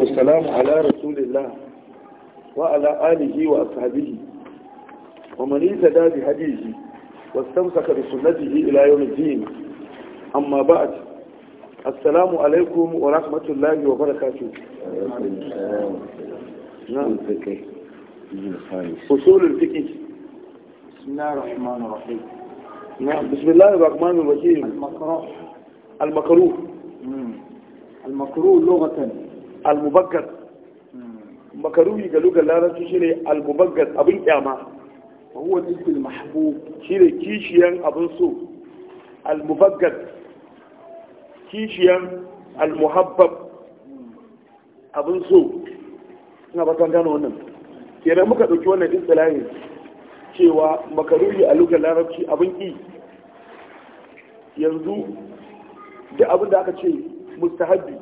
والسلام على رسول الله وعلى آله وأصحابه ومن اهتدى بهديه واستمسك بسنته إلى يوم الدين أما بعد السلام عليكم ورحمة الله وبركاته نعم فصول الفقه بسم الله الرحمن الرحيم نعم بسم الله الرحمن الرحيم المكروه المكروه المكروه لغة al-mubaggas makaruhi ga lugar larabci shine al abin kyama wa huwa nisbul mahbub shine kishiyan abin so al-mubaggas kishiyan al-muhabbab abin so ina ba san gano wannan kenan muka dauki wannan istilahin cewa makaruhi a lugar larabci abin ki yanzu duk abin da aka ce mustahabbi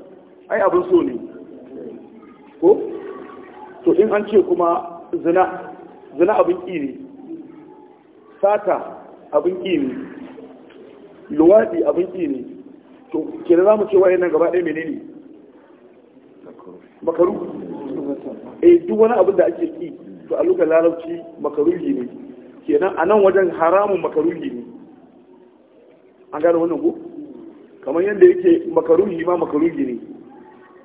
ai abin so ne ko to in an ce kuma zina zina abin ƙi sata abin ne luwaɗi abin ne to kenan za mu ce wayan nan gaba ɗaya menene makaru eh duk wani abin da ake ƙi to a lokacin larabci makaru ne kenan a nan wajen haramun makaru ne an gane wannan ko kamar yadda yake makaru ma makaru ne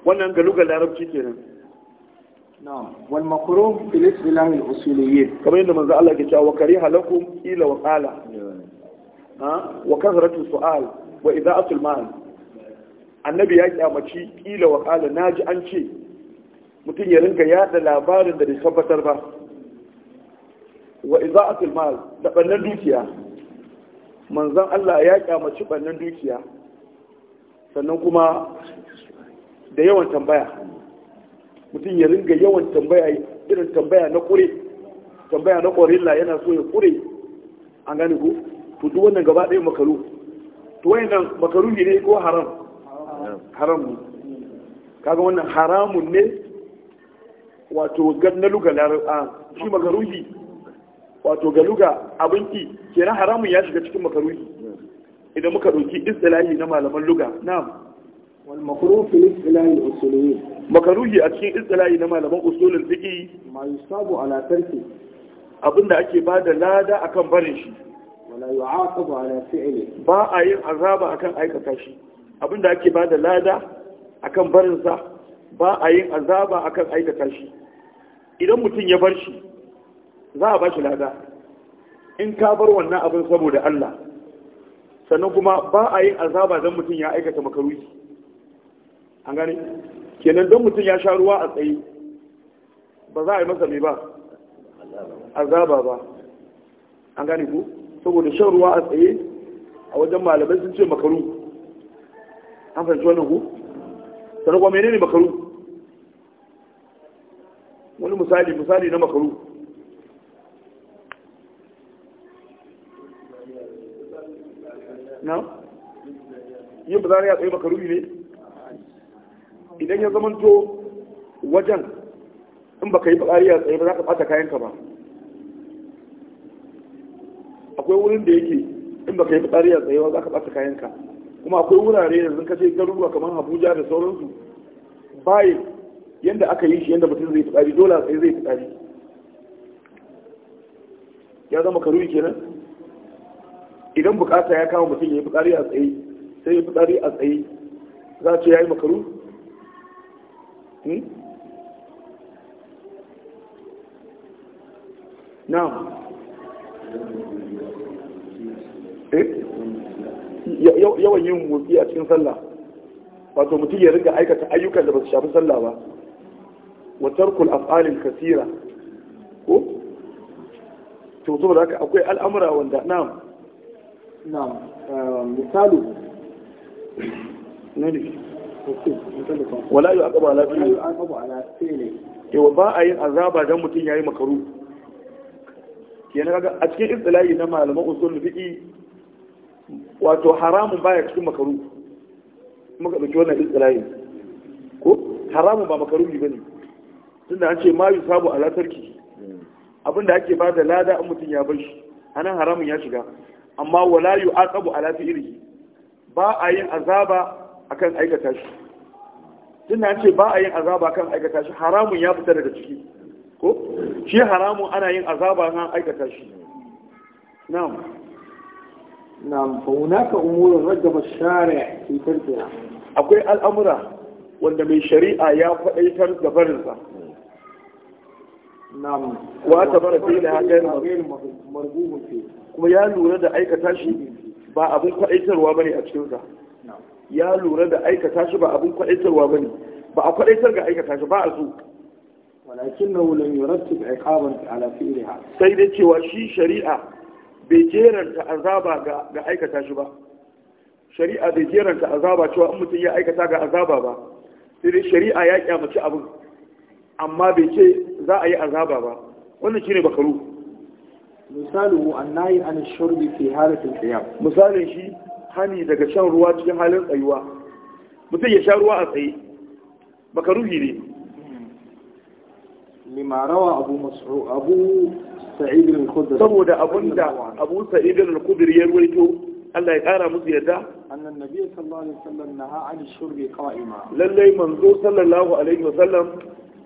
wannan ga lokacin larabci kenan wal makruh fil istilah al usuliyyin kamar yadda manzo Allah ke cewa kariha lakum ila wa qala wa kathratu su'al wa ida'atul mal annabi ya kyamaci ila wa qala naji an ce mutum ya rinka yada labarin da bai tabbatar ba wa iza'atul mal da bannan dukiya manzon Allah ya kyamaci bannan dukiya sannan kuma da yawan tambaya mutum ya ringa yawan tambaya irin tambaya na kure tambaya na korilla yana so ya kure an gane ku to duk wannan gaba ɗaya makaru to wayannan makaru ne ko haram haram ne kaga wannan haramun ne wato na luga a shi makaruhi wato ga luga Ke kenan haramun ya shiga cikin makaruhi idan muka ɗauki istilahi na malaman luga na'am والمكروه في الاصطلاح الاصوليين makaruhi a cikin istilahi na malaman usulul fiqi ma yusabu ala tarki abinda ake bada lada akan barin shi wala yu'aqabu ala fi'li ba a yin azaba akan aikata shi abinda ake bada lada akan barin sa ba a yin azaba akan aikata shi idan mutum ya bar shi za a bashi lada in ka bar wannan abin saboda Allah sannan kuma ba a yin azaba don mutum ya aikata makaruhi an gane kenan don mutum ya sha ruwa a tsaye ba za a yi masa mai ba azaba ba an gane ku saboda shan ruwa a tsaye a wajen malamai sun ce makaru an fahimci wannan ku sannan kuma menene makaru wani misali misali na makaru na yin bazari a a tsaye makaru ne idan ya to wajen in baka yi bakari a tsaye ba za ka bata kayanka ba akwai wurin da yake in baka yi bakari a tsaye ba za ka bata kayanka kuma akwai wurare yanzu ka kace garuruwa kamar Abuja da sauransu bayan yadda aka yi shi yadda mutum zai tsari dole a tsaye zai tsari ya zama karuri kenan idan bukata ya kama mutum ya yi fitsari a tsaye sai ya fitsari a tsaye za a ce ya yi makaru na'am hmm? eh? yawan yin motsi a cikin sallah wato mutum ya riga aikata ayyukan da ba su shafi sallah ba wa tarkul af'alin kasira ko to saboda haka akwai al'amura wanda na'am na'am eh, na ne wala yi akaba ala fi'li wa ba a yin azaba don mutum yi makaru kenan kaga a cikin istilayi na malaman usul fiqi wato haramun baya cikin makaru maka dauki wannan istilahi ko haramun ba makaru ne bane tunda an ce ma yi sabu ala tarki abinda ake ba da lada an mutum ya bar shi anan haramun ya shiga amma wala yu'aqabu ala fi'lihi ba a yin azaba akan aikata shi tunda ce ba a yin azaba kan aikata shi haramun ya fita daga ciki ko shi haramun ana yin azaba kan aikata shi na'am na'am fa hunaka umurun mashari a cikin tarkiha akwai al'amura wanda mai shari'a ya faɗaitar da barinsa wa ta bara fi da hakan kuma ya lura da aikata shi ba abin faɗaitarwa bane a cikinsa ya lura da aikata shi ba abin kwadaitarwa ne. ba a kwadaitar ga aikata shi ba a so walakinnahu lam yurattib iqaban ala fi'liha sai dai cewa shi shari'a bai jeranta azaba ga ga aikata shi ba shari'a bai jeranta azaba cewa in mutum ya aikata ga azaba ba sai dai shari'a ya kyamaci abin amma bai ce za a yi azaba ba wannan shine bakaru misalu annayi an shurbi fi halatil qiyam misalin shi hani daga shan ruwa cikin halin tsayuwa mutum ya sha ruwa a tsaye ruhi ne limarawa abu masu abu sa'idin al-khudri saboda da abu sa'idin al-khudri ya ruwaito Allah ya kara musu yadda annan nabi sallallahu alaihi wasallam naha an shurbi qa'ima lalle manzo sallallahu alaihi wasallam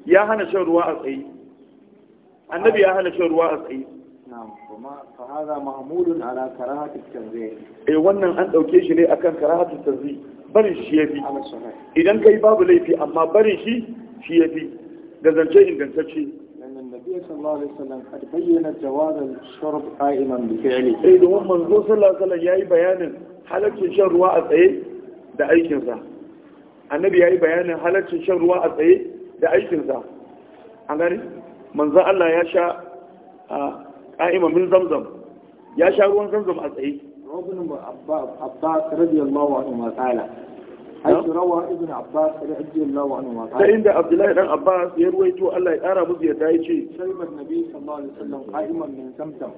ya hana shan ruwa a tsaye annabi ya hana shan ruwa a tsaye na'am kuma fa an ɗauke shi ne akan karahati tanzih barin shi yafi idan kai babu laifi amma barin shi shi yafi da zance ingantacce النبي صلى الله عليه وسلم قد بين جواز الشرب قائما بفعله اي صلى الله عليه وسلم yayi bayanin halaccin shan ruwa a tsaye da aikinsa. annabi yayi bayanin halaccin shan ruwa a tsaye da aikinsa. an gani manzo Allah ya sha qa'iman min zamzam ya sha ruwan zamzam a tsaye ibn abbas radiyallahu anhu ma qala حيث روى ابن عباس رضي الله عنهما قال فإن عبد الله بن عباس يروي تو الله يقرا بز يدا يجي شرب النبي صلى الله عليه وسلم قائما من زمزم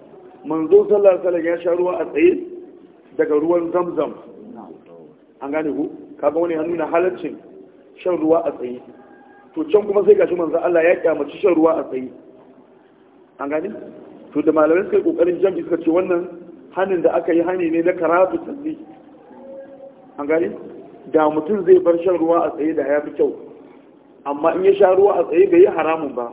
منذ صلى الله ya sha ruwa a اتsaye daga ruwan zamzam an gane ku kaga wani ya nuna halaccin shan ruwa a tsaye to can kuma sai gashi manzo Allah ya kyamaci shan ruwa a tsaye an gane to da malamai suka yi kokarin jam'i suka ce wannan hannun da aka yi hani ne na karatu tasbih an gani da mutum zai bar shan ruwa a tsaye da ya fi kyau amma in ya sha ruwa a tsaye bai yi haramun ba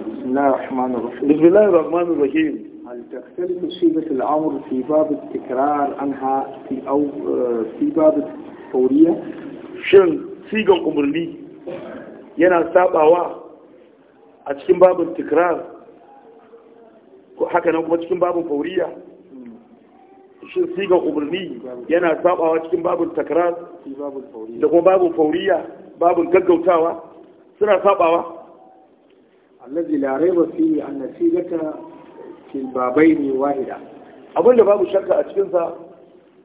بسم الله الرحمن الرحيم بسم الله الرحمن الرحيم هل تختلف صيغة الأمر في باب التكرار عنها في أو آه، في باب الفورية؟ شن صيغة أمر لي ينا سابعة أتكلم باب التكرار حكنا نقول أتكلم باب الفورية شن صيغة أمر لي ينا سابعة أتكلم باب التكرار في باب الفورية باب الفورية باب الكذب وتاوى سنا سابعة الذي لا ريب فيه أن صيغة fil babai ne wahida abinda da babu shakka a cikinsa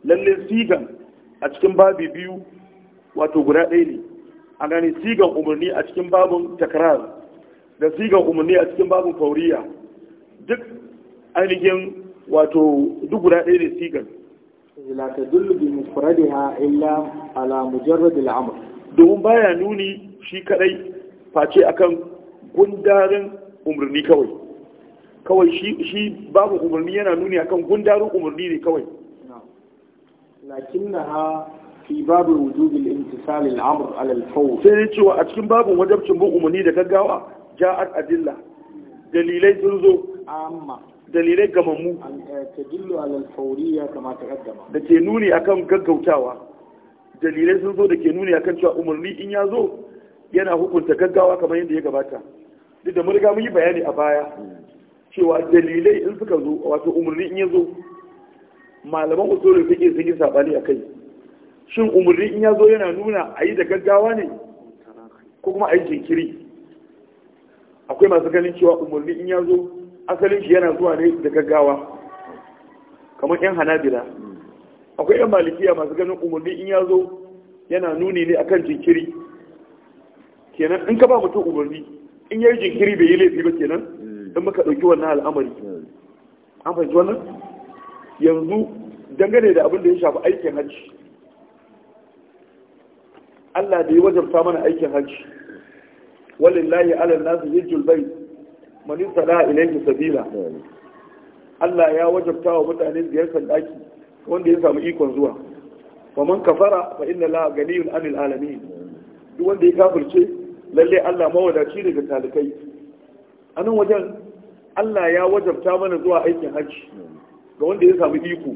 lalle sigan a cikin babi biyu wato guda ɗaya ne a gane sigan umarni a cikin babin takrar da sigan umarni a cikin babin fauriya duk ainihin wato duk guda ɗaya ne sigan la dullu bi mufradiha illa ala mujarrad al-amr domin baya nuni shi kadai face akan gundarin umarni kawai kawai shi babu umarni yana nuni akan gundarun umarni ne kawai lakinnaha fi babu wujubil imtisal al-amr ala al cewa a cikin babu wajibcin bin umarni da gaggawa ja'at adilla dalilai sun zo amma dalilai gamammu eh, tadillu da ke nuni akan gaggautawa dalilai sun zo da ke nuni akan cewa umarni in ya zo yana hukunta gaggawa kamar yadda ya gabata duk da mun riga mun yi bayani a baya cewa dalilai in suka zo wato umarni in ya zo malaman usulul suke sun yi sabani kai. shin umarni in ya zo yana nuna a yi da gaggawa ne ko kuma a yi jinkiri akwai masu ganin cewa umarni in ya zo asalin shi yana zuwa ne da gaggawa kamar yan hanabila akwai yan malikiya masu ganin umarni in ya zo yana nuni ne akan jinkiri kenan in ka ba mutum umarni in ya yi jinkiri bai yi laifi ba kenan in muka ɗauki wannan al'amari an fahimci wannan yanzu dangane da abin da ya shafi aikin hajji Allah da ya wajabta mana aikin hajji walillahi ala nasu hijjul bai man yusala ilayhi sabila Allah ya wajabta wa mutane ziyartar daki wanda ya samu ikon zuwa fa man kafara fa inna la ganiyun anil alamin duk wanda ya kafirce lalle Allah mawadaci daga talikai anan wajen Allah ya wajabta mana zuwa aikin hajji ga wanda ya samu iko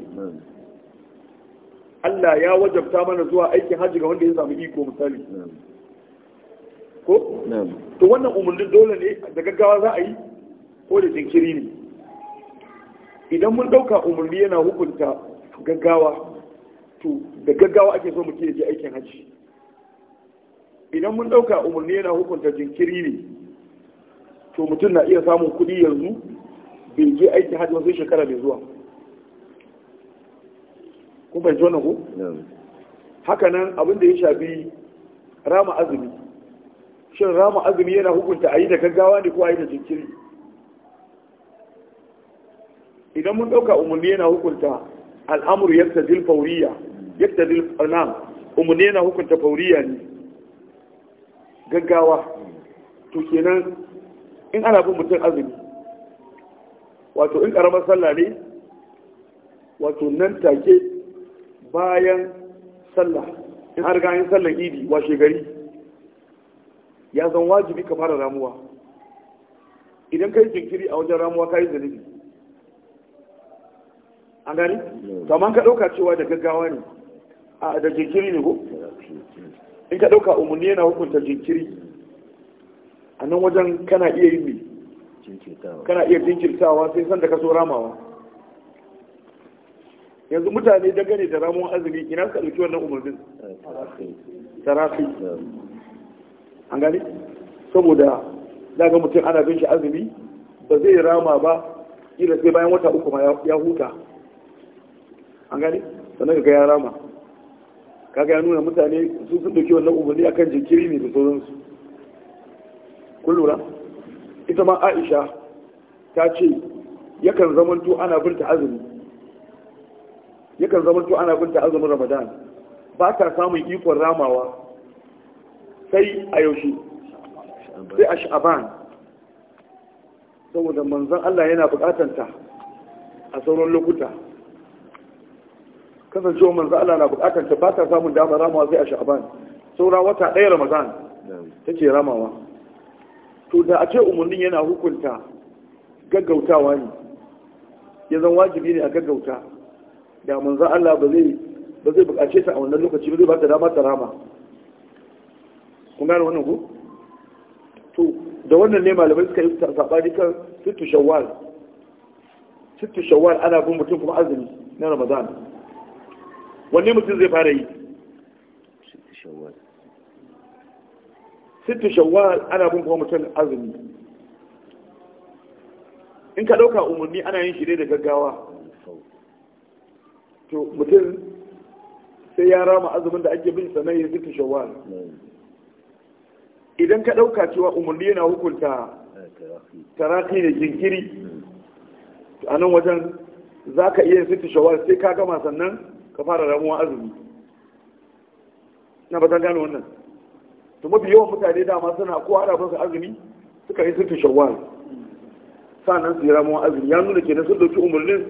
Allah ya wajabta mana zuwa aikin hajji ga wanda ya samu iko misali ko to wannan umarnin dole ne da gaggawa za a yi ko da jinkiri ne idan mun dauka umarni yana hukunta gaggawa to da gaggawa ake so mutum ya je aikin hajji idan mun dauka umarni yana hukunta jinkiri ne to mutum na iya samun kuɗi yanzu bai je aiki hajji wasu shekara mai zuwa kun fahimci wannan ko haka nan abin da ya shafi rama azumi shin rama azumi yana hukunta a yi da gaggawa ne ko a yi da jinkiri idan mun ɗauka umarni yana hukunta al'amur yadda dil fauriya yadda dil nan umarni yana hukunta fauriya ne gaggawa to kenan in ana bin mutum azumi wato in karamar sallah ne wato nan take bayan sallah in har gani sallar idi washe gari ya zan wajibi ka fara ramuwa idan kai jinkiri a wajen ramuwa ka yi zanibi an gani? kamar ka ɗauka cewa da gaggawa ne a da jinkiri ne ko? in ka ɗauka umarni yana hukunta jinkiri a nan wajen kana iya yin mi kana iya jinkirtawa sai sanda ka so ramawa yanzu mutane dangane da ramon azumi ina suka ɗauki wannan umarnin tarafi an gani saboda ga mutum ana bin shi azumi ba zai rama ba ila sai bayan wata uku ma ya huta an gani sannan ga ya rama kaga ya nuna mutane su sun ɗauki wannan umarni akan jinkiri ne da sauransu kun lura ita ma aisha ta ce yakan zamantu ana binta azumi yakan zamanto ana binta azumin ramadan ba ta samun ikon ramawa sai a yaushe sai a sha'aban saboda manzan Allah yana bukatanta a sauran lokuta kasancewa manzan Allah na bukatanta ba ta samun dama ramawa sai a sha'aban saura wata ɗaya ramadan take ramawa to da a ce umarnin yana hukunta gaggautawa ne ya zan wajibi ne a gaggauta da manzan Allah ba zai bukace ta a wannan lokaci ba zai ba ta dama ta rama kun gane wannan ku to da wannan ne malamai suka yi sabani kan sittu shawwal sittu shawwal ana bin mutum kuma azumi na ramadan wanne mutum zai fara yi sittu shawwal sittu shawwal ana bin kuma mutum azumi in ka ɗauka umarni ana yin shi ne da gaggawa to mutum sai ya rama azumin da ake bin sannan ya sittu shawwal idan ka ɗauka cewa umarni yana hukunta taraki da jinkiri a nan wajen za ka iya sittu shawwal sai ka gama sannan ka fara ramuwa azumi na ba gano wannan to mafi yawan mutane dama suna ko ana fasa azumi suka yi sirtu shawwal sannan su yi ramuwa azumi ya nuna na sun dauki umarnin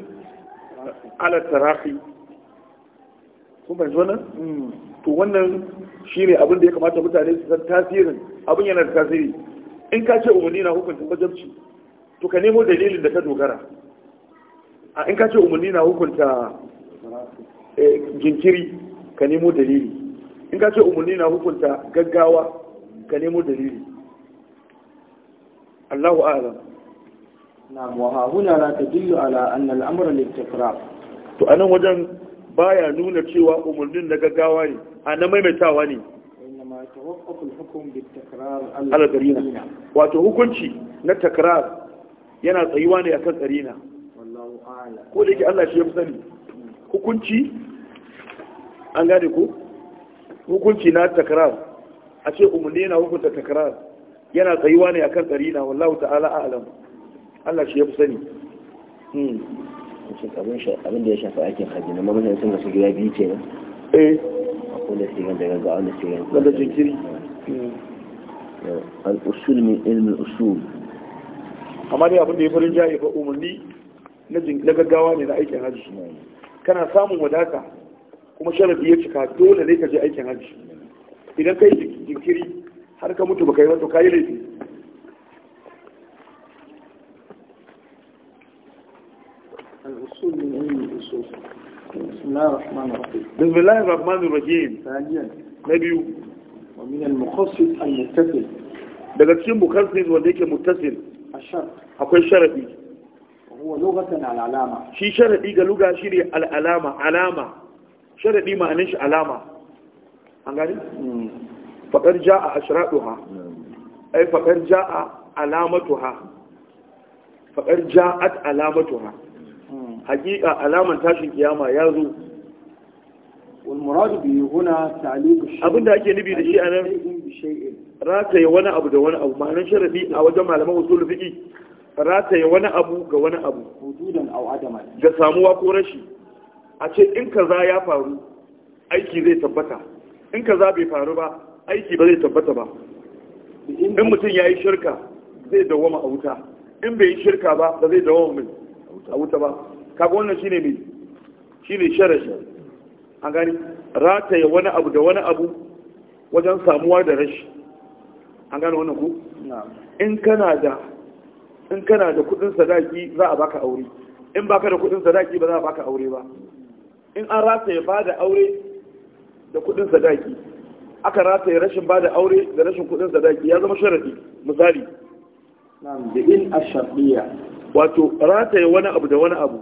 ala tarafi kun fahimci wannan hmm. to wannan ne abin da ya kamata mutane su san tasirin abin yana da tasiri in ka ce umarni na hukuncin wajabci to ka nemo dalilin da ka dogara a in ka ce umarni na hukunta eh, jinkiri ka nemo dalili in ka ce umarni na hukunta gaggawa ka nemo dalili Allahu na na'am huna na ta tadillu ala anna al-amra to anan wajen baya nuna cewa umarnin na gaggawa ne a na maimaitawa ne wato hukunci na takrar yana tsayuwa ne akan tsarina? ko da yake Allah shi ya fi sani hukunci an gane ko hukunci na takrar a ce umarni yana hukunta takrar yana tsayuwa ne akan karina wallahu ta'ala a'lam Allah shi ya fi sani hmm. abin da ya shafa aikin hajji na mamajin sun gasu gida biyu ce nan eh akwai da sigan da gaggawa wanda sigan wanda jinkiri hmm. al'usul min ilmin usul amma dai abin da ya farin jaye ba umarni na gaggawa ne na aikin hajji hmm. kana samun wadata kuma sharafi ya cika dole ne ka je aikin hajji idan ka yi jinkiri har ka mutu baka yi wato kayi laifi بسم الله الرحمن الرحيم نبي ومن المخصص المتصل daga cikin مخصص wanda متصل muttasil akwai sharadi هو lughatan على shi sharadi ga lugha shine al sharaɗi ma'anin shi alama an gani faƙar ja'a a ha ai faƙar ja'a alamatuha faƙar ja'at ha haƙiƙa alaman tashin kiyama ya zo walmuradu به huna تعليق shi abinda da ake nubi da shi anan rataye wani abu da wani abu Ma'anin sharaɗi a wajen malaman usul fiqi rataye wani abu ga wani abu ga samuwa ko rashi a ce in kaza ya faru aiki zai tabbata in kaza bai faru ba aiki ba zai tabbata ba in mutum ya yi shirka zai wama a wuta in bai yi shirka ba ba zai dawama mai a wuta ba kaga wannan shine mai shine sharashi an gani rataye wani abu da wani abu wajen samuwa da rashi an gani wannan ku in kana da in kana da kudin sadaki za a baka aure in baka da kudin sadaki ba za a baka aure ba in an rataye ya bada aure da kudin sadaki aka rataye rashin bada aure da rashin kudin sadaki ya zama sharadi misali da in a shafiya wato rataye wani abu da wani abu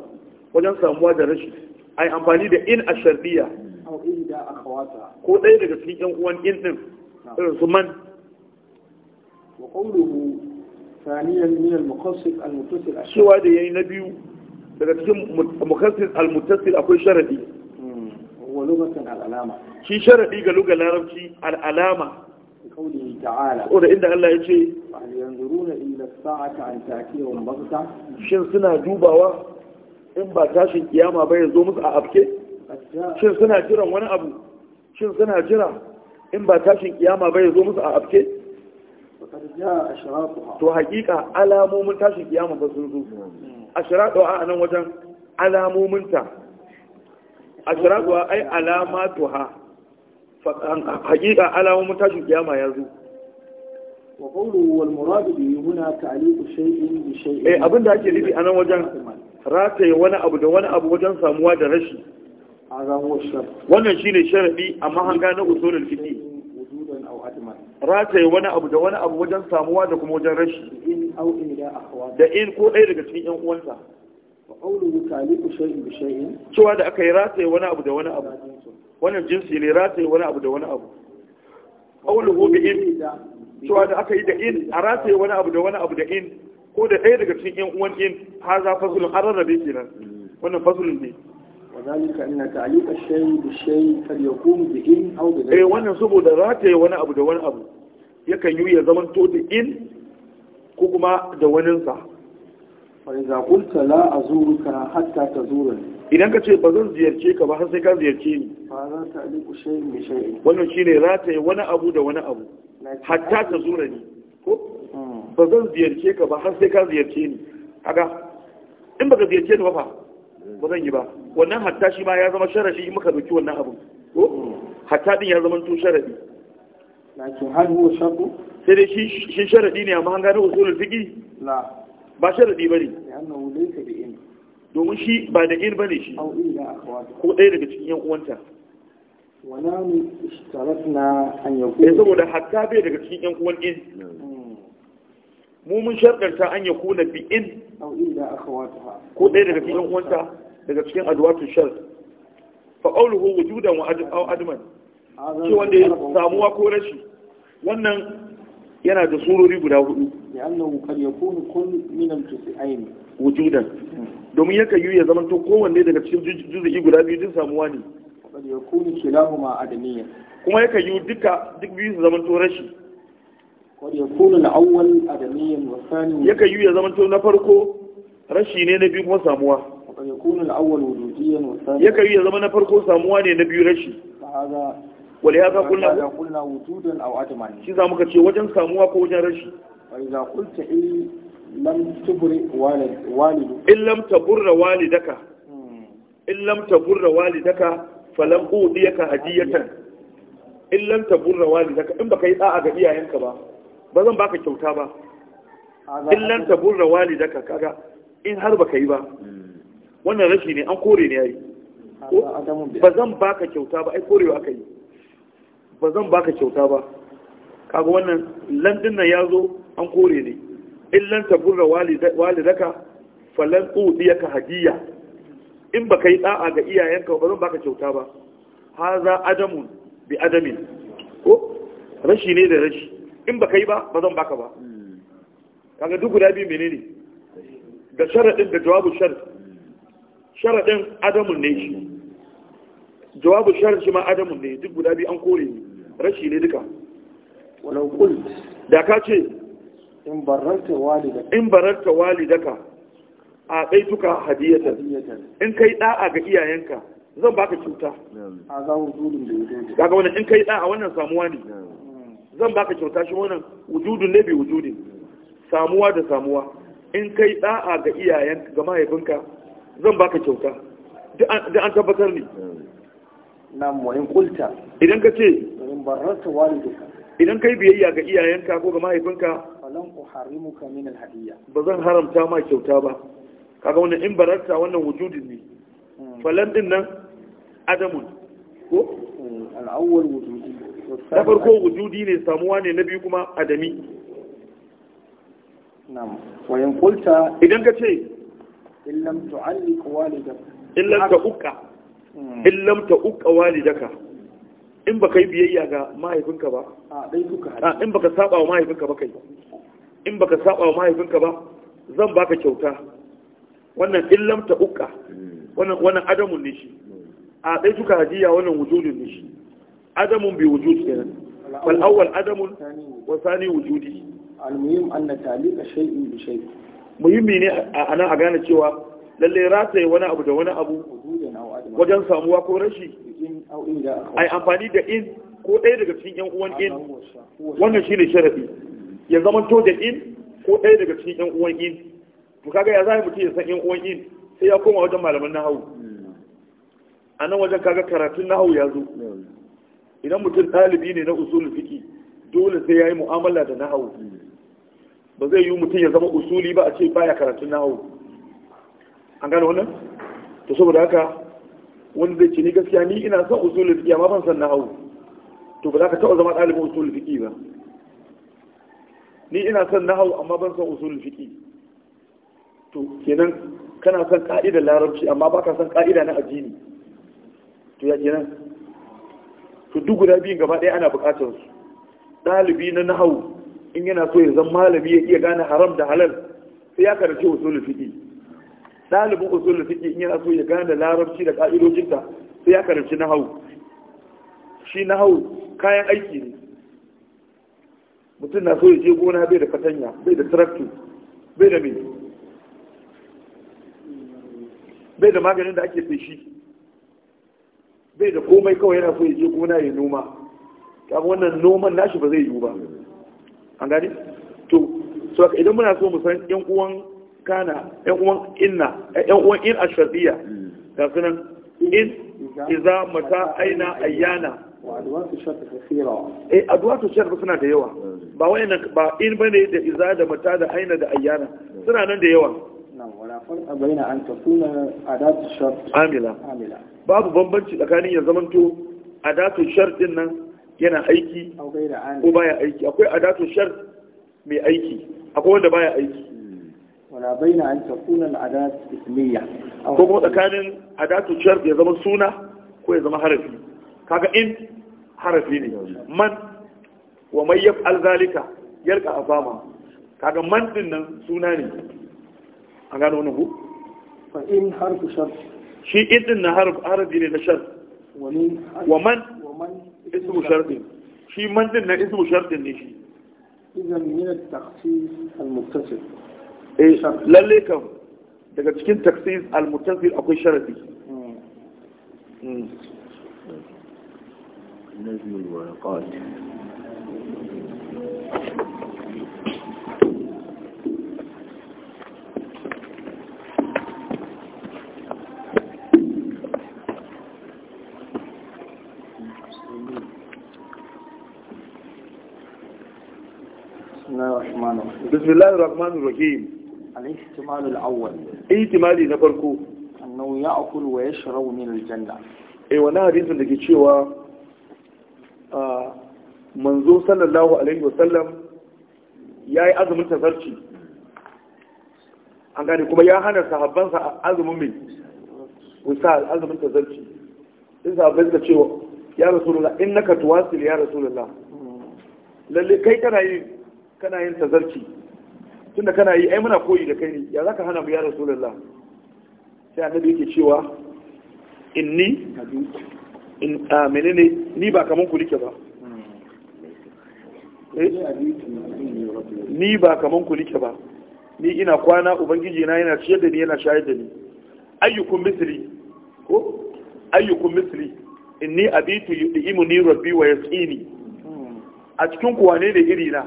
wajen samuwa da rashi ai amfani da in a shafiya ko ɗaya daga cikin yan uwan in din irin su man wa qawluhu thaniyan min al-muqassid al-muttasil cewa da ya yi na biyu daga cikin mukassir al akwai sharadi hmm, wa lugatan ga lugar larabci al da inda Allah yace wal shin suna dubawa in ba tashin kiyama ba ya zo musu a afke shin suna jira in ba tashin kiyama ba ya zo musu a afke to hakika alamomin tashin kiyama ba sun zo ashiratu a nan wajen alamominta ashiratu ai ha hakika alamomin tashin kiyama ya zo Eh, abinda به هنا تعليق شيء ake nufi nan wajen rataye wani abu da wani abu wajen samuwa da rashi wannan shine sharadi amma hanga na usulul fiqh wujudan aw rataye wani abu da wani abu wajen samuwa da kuma wajen rashi da in ko ɗaya daga cikin 'yan uwansa cewa da aka yi rataye wani abu da wani abu wannan jinsi ne rataye wani abu da wani abu ƙaunuhu da in cewa da aka yi da in a rataye wani abu da wani abu da in ko da ɗaya daga cikin 'yan uwan in har za fasulun har rarrabe kenan mm. wannan fasulun ne وذلك أن تعليق الشيء بالشيء قد يكون wani abu, بغير إيه وانا سبو دراتي وانا أبو دوانا أبو يكن يوي زمن تود إن كوكما دواننسا فإذا قلت لا أزورك حتى تزورني idan ka ce ba zan ziyarce ka ba har sai ka ziyarce ni wannan shi ne rataye wani abu da wani abu hatta ta zura ni ko ba zan ziyarce ka ba har sai ka ziyarce ni kaga in baka ziyarce ni ba fa ba zan yi ba wannan hatta shi ma ya zama sharadi in muka dauki wannan abu ko hatta din ya zama to sharadi lakin hal huwa shartu sai dai shi shi sharadi ne amma an gane usulul fiqi la ba sharadi bane annahu laysa bi in domin shi ba da in bane shi ko ɗaya daga cikin yan uwanta wanamu ishtarafna an yakuna eh, saboda hatta bai daga cikin yan uwan in hmm. mu mun sharɗanta an yakuna bi in ko ɗaya daga cikin yan uwanta daga cikin adwatu shar fa qawluhu wujudan wa adman shi wanda ya samuwa ko rashi wannan yana da surori guda hudu li'annahu qad yakunu kun min al-juz'ayn wujudan domin yaka yu ya zamanto kowanne daga cikin juz'i guda biyu din samuwa ne qad yakunu kilahuma adamiyya kuma yaka yu duka duk biyu su zamanto rashi qad yakunu al-awwal adamiyyan wa thani yaka yu ya zamanto na farko rashi ne na biyu kuma samuwa yakunu al-awwal zama na farko samuwa ne na biyu rashi hada ya haka kullu kullu wujudan aw atman shi za muka ce wajen samuwa ko wajen rashi fa qulta in lam tubri walid walid in lam taburra walidaka in lam taburra walidaka falam udiyaka hadiyatan in lam taburra walidaka in baka yi da'a ga iyayenka ba ba zan baka kyauta ba in lam taburra walidaka kaga in har baka yi ba wannan rashi ne an kore ne yayi ba zan baka kyauta ba ai korewa aka yi ba zan baka kyauta ba kaga wannan landin nan ya zo an kore ne lan taburra walidaka falan udiyaka hadiya in baka yi da'a ga iyayenka ba zan baka kyauta ba haza adamun bi adamin ko rashi ne da rashi in baka yi ba ba zan baka ba hmm. kaga duk guda biyu menene da sharadin da jawabu sharadin sharaɗin adamun ne shi jawabu sharaɗin shi ma adamun ne duk guda biyu an kore ne rashi ne duka da ka ce in bararta walidaka a duka hadiyatar in kai ɗa'a ga iyayenka zan baka ya daga wannan in kai ɗa'a wannan samuwa ne zan baka cuta shi wannan wujudun ne bai wujudin samuwa da samuwa in kai ɗa'a ga iyayen ga mahaifinka zan baka kyauta da an tabbatar ne na wa'in kulta idan ka ce idan ka yi idan kai biyayya ga iyayenka ko ga mahaifinka ba zan haramta ma kyauta ba kaga wannan in barrata wannan wujudin ne hmm. falan din nan adamun ko hmm, al'awwal wujudi na farko wujudi ne samuwa ne na biyu kuma adami na wa kulta idan ka ce illam tu'alliq walidaka illam walidaka in baka yi biyayya ga mahaifinka ba a in baka saba wa mahaifinka ba kai in baka saba wa mahaifinka ba zan baka kyauta wannan illam ta'uqqa wannan wannan adamun ne shi a dai duka hadiya wannan wujudun ne shi adamun bi wujud kenan fal awwal adamun wa thani wujudi al muhim anna ta'liqa shay'in bi shay'in muhimmi ne a nan a gane cewa lalle rataye wani abu da wani abu wajen samuwa ko rashi a yi amfani da in ko ɗaya daga cikin yan uwan in wannan shi ne sharaɗi ya zama to da in ko ɗaya daga cikin yan uwan in to kaga ya zai mutum ya san yan uwan in sai ya koma wajen malaman hau a nan wajen kaga karatun hau ya zo idan mutum ɗalibi ne na usulun fiki dole sai ya yi mu'amala da hau ba zai yi mutum ya zama usuli ba a ce baya karatun nahu an gane wannan to saboda haka wanda zai ce ni gaskiya ni ina son usulin fiki amma ban san nahu to ba za ka taɓa zama ɗalibin usulin fiki ba ni ina son nahu amma ban san usulin fiki. to kenan kana son ka'idar larabci amma ba ka son ka'ida na addini to ya kenan to duk guda biyun gaba ɗaya ana buƙatar su ɗalibi na nahawu in yana so ya zama malami ya iya gane haram da halal sai ya karanci usulul fiqi dalibin usulul fiqi in yana so ya gane larabci da ka'idojinta sai ya karanci nahawu shi nahawu kayan aiki ne mutum na so ya je gona bai da fatanya bai da tractor bai da mai bai da maganin da ake feshi bai da komai kawai yana so ya je gona ya noma kaga wannan noman nashi ba zai yiwu ba an gani to so idan muna so mu san yan uwan kana yan uwan inna yan uwan in ashadiya ga sunan in iza mata aina ayyana eh adwatu shart suna da yawa ba wayannan ba in bane da iza da mata da aina da ayyana suna nan da yawa Amila. babu bambanci tsakanin ya zamanto adatu shart din nan yana aiki ko baya aiki akwai adatu shar mai aiki akwai wanda baya aiki hmm. wala baina an takuna al-adat ismiyya ko kuma tsakanin adatu shar ya zama suna ko ya zama harafi kaga in harafi ne man wa may yaf'al zalika yalqa afama kaga man din nan suna ne an gano wannan ku fa in harfu shar shi in din na harf arabi ne na shar wa man wa man اسم شرط شيء منزل لا اسم شرط ليش اذا من التخصيص المتصل ايه لا ليكم دغ تشكين تخصيص المتصل اكو شرطي نجم الورقات بسم الله الرحمن الرحيم الاحتمال الاول احتمالي na farko annahu ya'kul wa yashrabu min aljanna eh wannan hadisin dake cewa manzo sallallahu alaihi wa sallam yayi azumin tazarci an gani kuma ya hana sahabbansa azumin min wusal azumin tazarci in sahabbai da cewa ya rasulullah innaka tuwasil ya rasulullah hmm. lalle kai kana yi. kana yin tazarci tunda kana yi ai muna koyi da kai ne ya zaka hana mu ya rasulullah sai annabi yake cewa inni in amene ne ni ba kaman ku nike ba eh? ni ba kaman ku like ba ni ina kwana ubangiji na yana ciyar da ni yana shayar da ni ayyukun misri ko ayyukum misri inni abitu yudimu ni rabbi wa yasini a cikin kuwa ne da iri na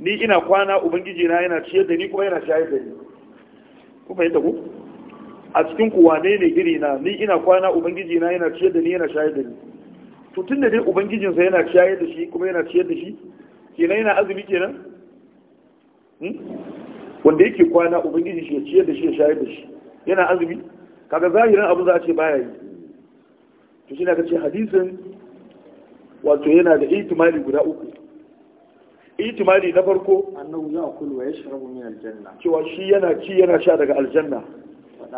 ni ina kwana ubangiji na yana ciyar da ni kuma yana shayar da ni ku fahimta ku a cikin ku wane ne iri na ni ina kwana ubangiji na yana ciyar da ni yana shayar da ni to tunda dai ubangijinsa yana shayar da shi kuma yana ciyar da shi kenan yana azumi kenan hmm? wanda yake kwana ubangiji shi ya ciyar da shi ya shayar da shi yana azumi kaga zahirin abu za a ce baya yi to shi ne ka ce hadisin wato yana da ihtimali guda uku ihtimali na farko annahu ya'kulu wa yashrabu min cewa shi yana ci yana sha daga aljanna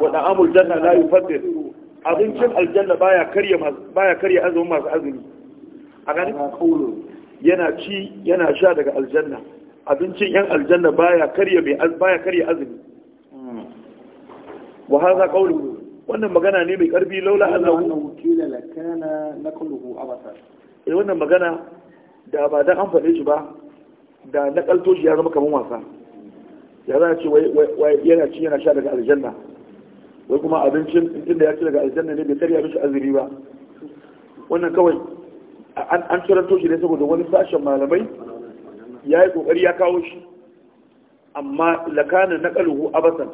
wa da'amul janna la yufaddir abincin aljanna baya karya baya karya azumin masu azumi a gani yana ci yana sha daga aljanna abincin yan aljanna baya karya baya karya azumi hmm. wa hadha qawluhu wannan magana ne mai karfi laula annahu qila lakana abasa eh wannan magana da ba dan an faɗe shi ba da na kalto shi ya zama kamar wasa ya za ce yana ci yana sha daga aljanna wai kuma abincin da ya ci daga aljanna ne bai karya mishi azuri ba wannan kawai an turanto shi ne saboda wani sashen malamai ya yi kokari ya kawo shi amma lakanin na kaluhu abasan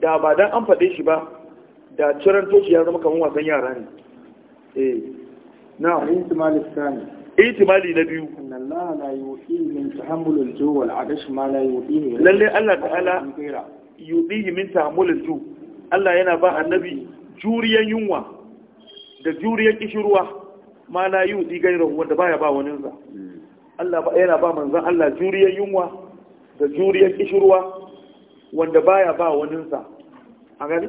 da ba dan an faɗe shi ba da turanto shi ya zama kamar wasan yara ne eh na ihtimali na biyu lalle Allah ta'ala yudihi min tahammulil ju Allah yana ba annabi juriyan yunwa da juriyan kishirwa ma la yudi gairahu wanda baya ba wani Allah yana ba manzon Allah juriyan yunwa da juriyan kishirwa wanda baya ba wani sa a gani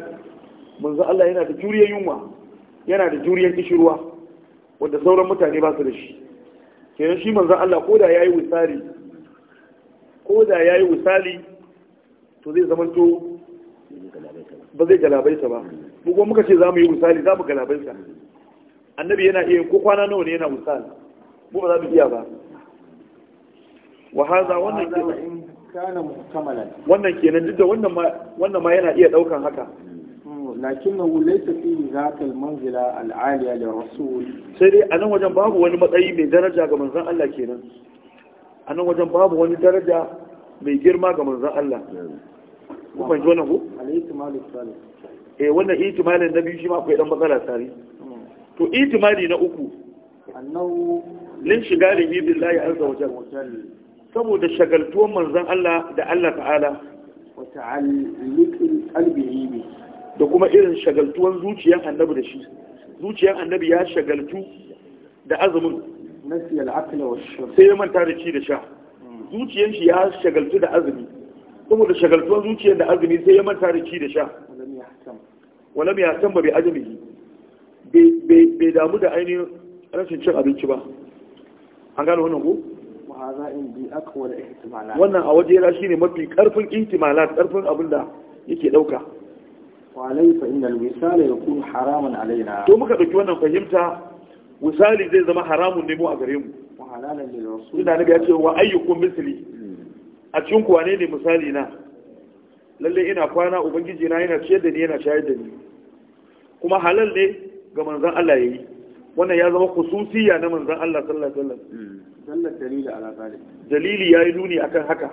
manzon Allah yana da juriyan yunwa yana da juriyan kishirwa wanda sauran mutane ba su da shi kenan shi manzan Allah ko da yi wisali ko da yi wisali to zai zama to ba zai galabaita ba mu kuma muka ce za mu yi wisali za mu galabaita annabi yana iya ko kwana nawa ne yana wisali mu ba za mu iya ba Wahaza wannan kenan wannan kenan duk da wannan ma yana iya daukan haka lakinnahu laysa fihi zakal manzila al-aliya rasul sai dai a nan wajen babu wani matsayi mai daraja ga manzan Allah kenan a nan wajen babu wani daraja mai girma ga manzan Allah ku fahimci wannan ko al-ihtimal al-thalith eh wannan ihtimalin na biyu shi ma akwai dan matsala tare to ihtimali na uku annahu lin shigalihi billahi azza wa jalla saboda shagaltuwan manzan Allah da Allah ta'ala wa ta'alliqi qalbihi bihi da kuma irin shagaltuwan zuciyan annabi da shi zuciyan annabi ya shagaltu da azumin sai ya manta da ci da sha zuciyan shi ya shagaltu da azumi saboda shagaltuwan zuciyan da azumi sai ya manta da ci da sha walam ya ba bai ajami bai damu da ainihin rashin cin abinci ba an gano wannan ko wannan a waje na shine mafi karfin ihtimalat karfin abin da yake dauka walai fa inda alwisal ya kun haramun alaina to muka ɗauki wannan fahimta misali zai zama haramun ne mu a gare mu wa na lil rasul ina nabi wa ayyukum a cikin ku ne misali na lalle ina kwana ubangiji na yana ciyar da ni yana shayar da ni kuma halal ne ga manzon Allah yayi wannan ya zama khususiyya na manzon Allah sallallahu alaihi wasallam dalili ala zalik dalili yayi nuni akan haka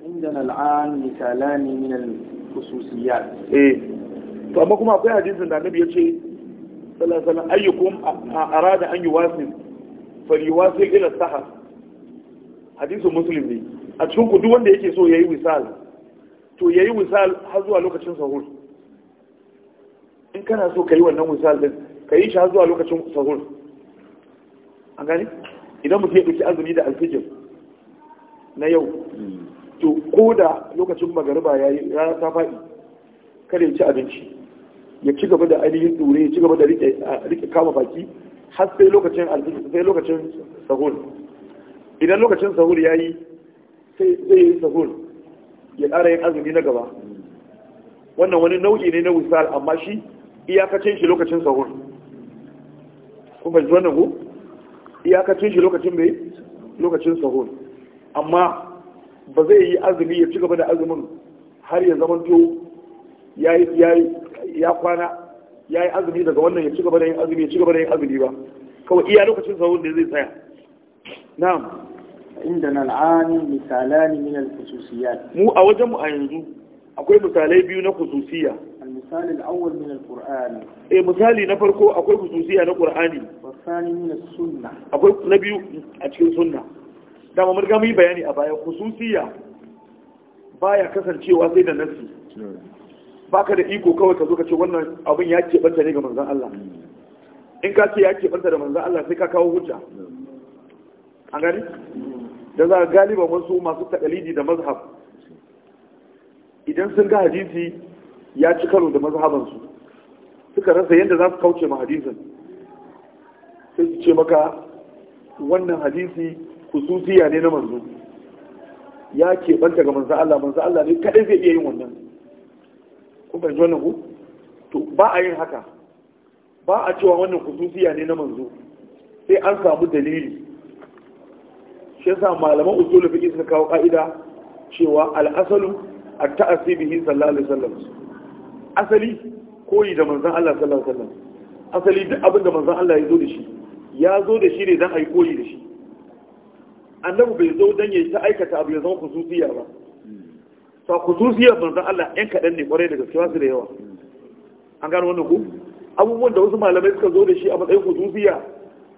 عندنا الآن مثالان من الخصوصيات إيه to amma kuma akwai hadisin da annabi ya ce sallallahu alaihi ayyukum arada an fari falyuwasil ila sahar hadisin muslim ne a cikin ku duk wanda yake so yayi wisal to yayi wisal har zuwa lokacin sahur in kana so yi wannan wisal din yi shi har zuwa lokacin sahur an gani idan mutum ya ɗauki azumi da alfijir na yau to ko da lokacin magariba ya yi rana ta faɗi kada ya ci abinci ya ci gaba da ainihin tsure ya ci gaba da rike kama baki har sai lokacin sai lokacin sahur idan lokacin sahur ya yi sai zai yi sahur ya ƙara yin azumi na gaba wannan wani nau'i ne na wisal amma shi iyakacin shi lokacin sahur kuma fahimci wannan ku iyakacin shi lokacin mai lokacin sahur amma ba zai yi azumi ya ci gaba da azumin har ya zama to ya kwana ya yi azumi daga wannan ya ci gaba da yin azumi ya ci gaba da yin azumi ba kawai iya lokacin sahur da zai tsaya na'am inda na al'ani misalani min al mu a wajen mu a yanzu akwai misalai biyu na khususiyya al-misali al-awwal min al E, eh misali na farko akwai khususiyya na qur'ani wasani min as-sunnah akwai na biyu a cikin sunna da mun ga mu yi bayani a baya khususiyya baya kasancewa sai da nasi baka da iko kawai ka zo ka ce wannan abin ya keɓanta ne ga manzan Allah in ka ce ya keɓanta da manzan Allah sai ka kawo hujja A gani da za a galiba wasu masu takalidi da mazhab idan sun ga hadisi ya ci karo da mazhabansu suka rasa yadda za su kauce ma hadisin sai su ce maka wannan hadisi hususiya ne na manzo ya keɓanta ga manzan Allah manzan Allah ne kaɗai zai iya yin wannan ku fahimci wannan ku to ba a yin haka ba a cewa wannan kususiya ne na manzo sai an samu dalili shi yasa malaman usulu fi isa kawo ka'ida cewa al'asalu a ta'asi bihi sallallahu alaihi wasallam asali koyi da manzon Allah sallallahu alaihi wasallam asali duk abin da manzon Allah ya zo da shi ya zo da shi ne dan ai koyi da shi annabi bai zo dan yayi ta aikata abu ya zama kususiya ba Ba to khususiyar manzon Allah ɗan kaɗan ne kwarai da gaske ba su da yawa an gano wannan ku abubuwan da wasu malamai suka zo da shi a matsayin ku khususiya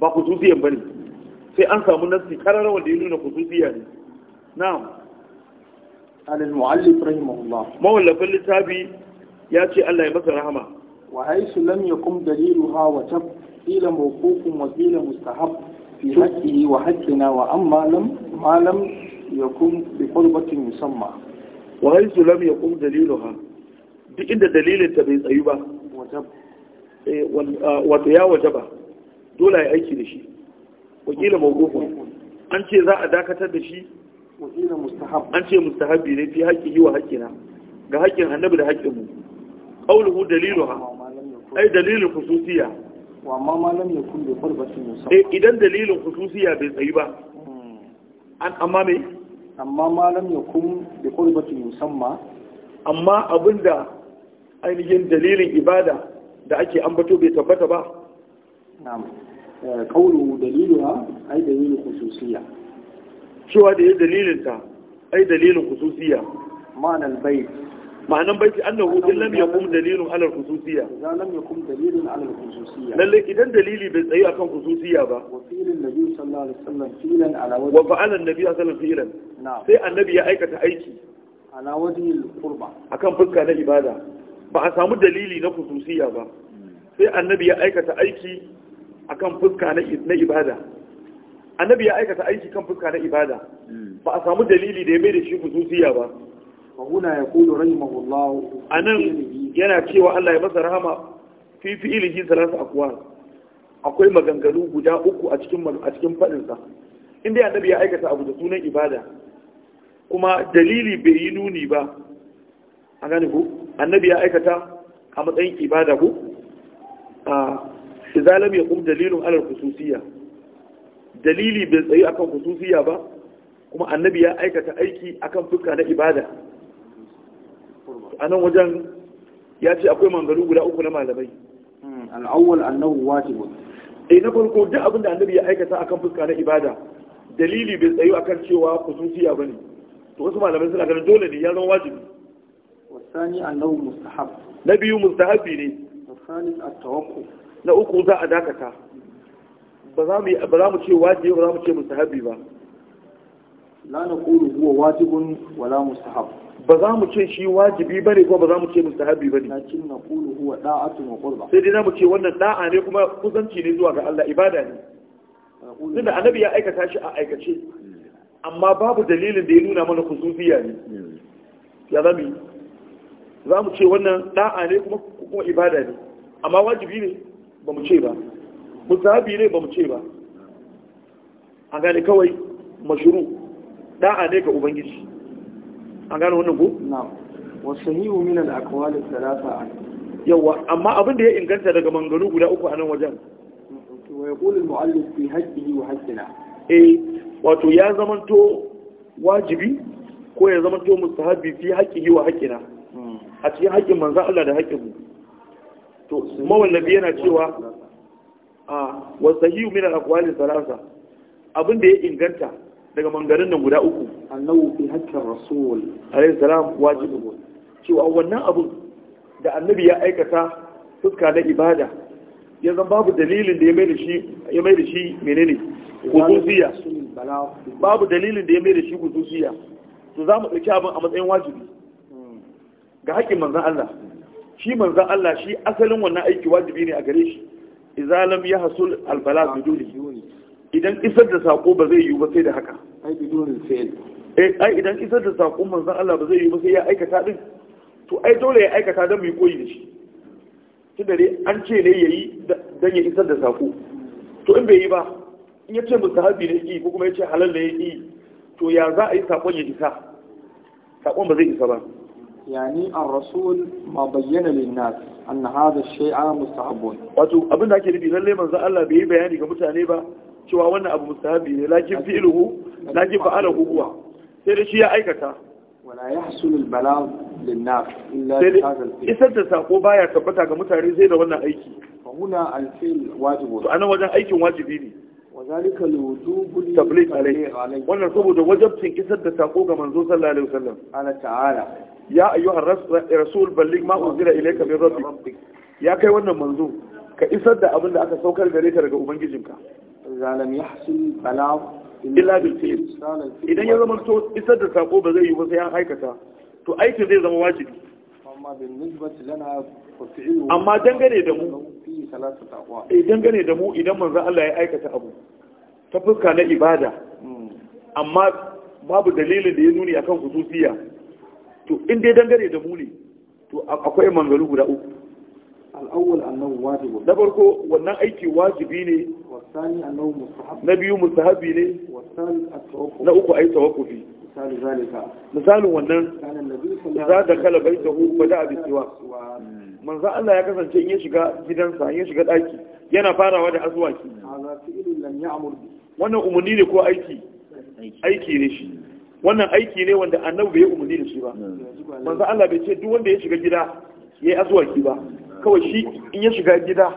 ba ku khususiyan bane sai an samu nasi karara da ya nuna ku khususiya ne na'am alal mu'allif rahimahullah mawallafin littafi ya ce Allah ya masa rahama wa haisu lam yakum daliluha wa tab qila mawqufun wa qila mustahab fi haqqihi wa haqqina wa amma lam ma lam yakum bi qurbatin musamma wa haisu kun dalilu ha? duk inda dalilin ta bai tsayu ba eh, ah, wato ya ba. dole ya aiki da shi wakila mawqufun an ce za a dakatar da shi wakila mustahab an ce mustahabi ne fi haƙƙi wa haƙƙina ga haƙƙin annabi da haƙƙin mu qawluhu daliluha ai dalilin khususiyya wa amma ma lam yakun bi qurbatin musamma eh, idan dalilin khususiyya bai tsayu ba hmm. an amma me amma malam ya kun da qurbati musamma amma abinda ainihin dalilin ibada da ake ambato bai tabbata ba na eh, qawlu daliluha ai dalilin kususiya cewa da ya dalilinta ai dalilin kususiya. ma'anar bai. ma'anan baiti annahu in lam yakum dalilun ala khususiyya idan lam yakum dalilun ala khususiyya lalle idan dalili bai tsayi akan khususiyya ba wa fi'lan nabi sallallahu alaihi wasallam fi'lan ala wajhi wa fa'ala nabi sallallahu alaihi wasallam fi'lan sai annabi ya aikata aiki ala wajhi al-qurba akan fuska na ibada ba a samu dalili na khususiyya ba sai annabi ya aikata aiki akan fuska na ibada annabi ya aikata aiki kan fuska na ibada hmm. ba a samu dalili da ya mai da shi khususiyya ba فهنا يقول رحمه الله أنا ينا كيوا الله يمسى رحمه في فعله ثلاث أقوال akwai maganganu guda uku a cikin a cikin fadinsa inda annabi ya aikata abu da sunan ibada kuma dalili bai yi nuni ba a gane ku annabi ya aikata a matsayin ibada ko? a shi izalam ya kuma dalilin alal khususiyya dalili bai tsayi akan khususiyya ba kuma annabi ya aikata aiki akan fuska na ibada a nan wajen ya ce akwai mangaru guda uku na malamai hmm, al'awwal annahu wajibun eh na farko duk abin da annabi ya aikata akan fuska na ibada dalili bai tsayu akan cewa kususiya bane to wasu malamai suna ganin dole ne ya zama wajibi wasani annahu mustahab na biyu mustahabi ne wasani at-tawakkul na uku za a dakata ba za mu ce wajibi ba za mu ce mustahabi ba la naqulu huwa wajibun wala mustahab ba za mu ce shi wajibi ba ne kuma ba za mu ce mustahabi ba ne. Lakin na kulu huwa da'atun wa qurba. Sai dai za mu ce wannan da'a ne kuma kusanci ne zuwa ga Allah ibada ne. Tunda annabi ya aikata shi a aikace. Amma babu dalilin da ya nuna mana khususiyya ne. Ya za mu Za mu ce wannan da'a ne kuma kuma ibada ne. Amma wajibi ne ba mu ce ba. Mustahabi ne ba mu ce ba. A gane kawai mashru' da'a ne ga ubangiji an gano wannan ko wasu hiwu minan akwalin talata yawa amma abin da ya inganta daga manganu guda uku a nan wajen wa ya kulin mu'allif fi haƙƙihi wa haƙƙina eh wato ya zamanto wajibi ko ya zamanto mustahabi fi yi wa haƙƙina hmm. a cikin haƙƙin manza Allah da hakkin to Mawallabi yana cewa a wasu hiwu minan akwalin talata abin da ya inganta daga mangarin nan guda uku annabi fi haqqin rasul alayhi salam wajibu cewa wannan abun da annabi ya aikata fuska na ibada zan babu dalilin da ya mai da shi ya mai da shi menene hukusiya babu dalilin da ya mai da shi hukusiya to za mu ɗauki abin a matsayin wajibi hmm. ga hakkin manzan Allah shi manzan Allah shi asalin wannan aiki wajibi ne a gare shi izalam ya hasul albala biduni idan isar da sako ba zai yi ba sai da haka ai eh ai idan isar da sako manzon Allah ba zai yi ba sai ya aikata din to ai dole ya aikata don mu yi koyi da shi tunda dai an ce ne yayi dan ya isar da sako to in bai yi ba in ya ce sahabi ne yi ko kuma yace ce halal ne yi to ya za a yi sakon ya isa sakon ba zai isa ba yani an rasul ma bayyana lin-nas anna hadha shaya mustahabun wato abin da ake nufi lalle manzon Allah bai yi bayani ga mutane ba cewa wannan abu mustahabi ne lakin fi'luhu lakin fa'alahu huwa sai da shi ya aikata wala yahsul al-balagh lin-nas illa bi hadha al isar da sako baya tabbata ga mutane sai da wannan aiki fa huna al-fi'l wajibu to anan wajen aikin wajibi ne wazalika al-wujub tabligh alayhi wannan saboda wajibcin isar da sako ga manzo sallallahu alaihi wasallam ala ta'ala ya ayyuhar rasul balligh ma unzila ilayka min rabbik ya kai wannan manzo ka isar da abin da aka saukar gare ka daga ubangijinka Idan ya zama to isar da sako ba zai yi wasu ya aikata to تو zai zama wajibi amma dangane da mu dangane da mu idan manzo Allah ya aikata abu ta fuska na ibada amma babu dalilin da ya nuni akan hususiya to in dai dangane da mu ne to akwai mangalu guda uku al'awwal annahu wajibu na farko wannan aiki wajibi ne wasani annahu mustahab na biyu mustahabi ne wasani at-tawakkuf na uku ai tawakkufi misali zalika misalin wannan za da kala baitahu fa da bi siwa manzo Allah ya kasance in ya shiga gidansa in ya shiga daki yana farawa da azwaki wannan umarni ne ko aiki aiki ne shi wannan aiki ne wanda annabi bai umarni da shi ba manzo Allah bai ce duk wanda ya shiga gida yayi azwaki ba kawai shi in ya shiga gida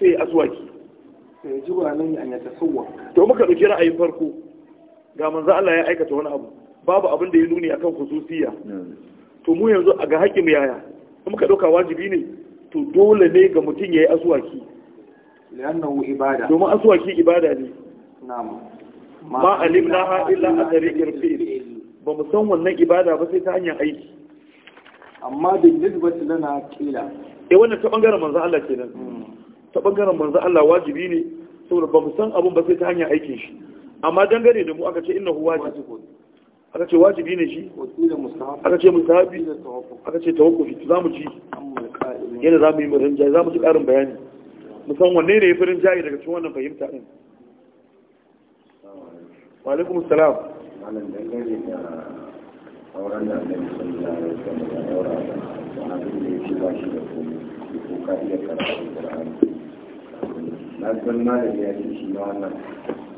sai ya aswaki to muka ɗauki ra'ayin farko ga manzo Allah ya aikata wani abu babu abin da ya nuni akan khususiyya to mu yanzu a ga haƙƙin yaya in muka ɗauka wajibi ne to dole ne ga mutum ya yi aswaki domin aswaki ibada ne ma alimna ha illa a tariqir fi'l ba mu san wannan ibada ba sai ta hanyar aiki amma da nisbati lana kila eh wannan ta bangaren manzo Allah kenan ta bangaren manzo Allah wajibi ne saboda ba mu san abun ba sai ta hanyar aikin shi amma dangane da mu aka ce innahu wajibun aka ce wajibi ne shi aka ce musahabi aka ce tawakkufi za mu ji yadda za mu yi murin jayi za mu ji ƙarin bayani musan wanne ne ya fi rinjaye daga cikin wannan fahimta ɗin wa alaikum salam sauran da annabi sallallahu alaihi wasallam ya daura da abin da yake ba shi da komai ko ka iya karatu Qur'ani na san malami ya ce shi ma wannan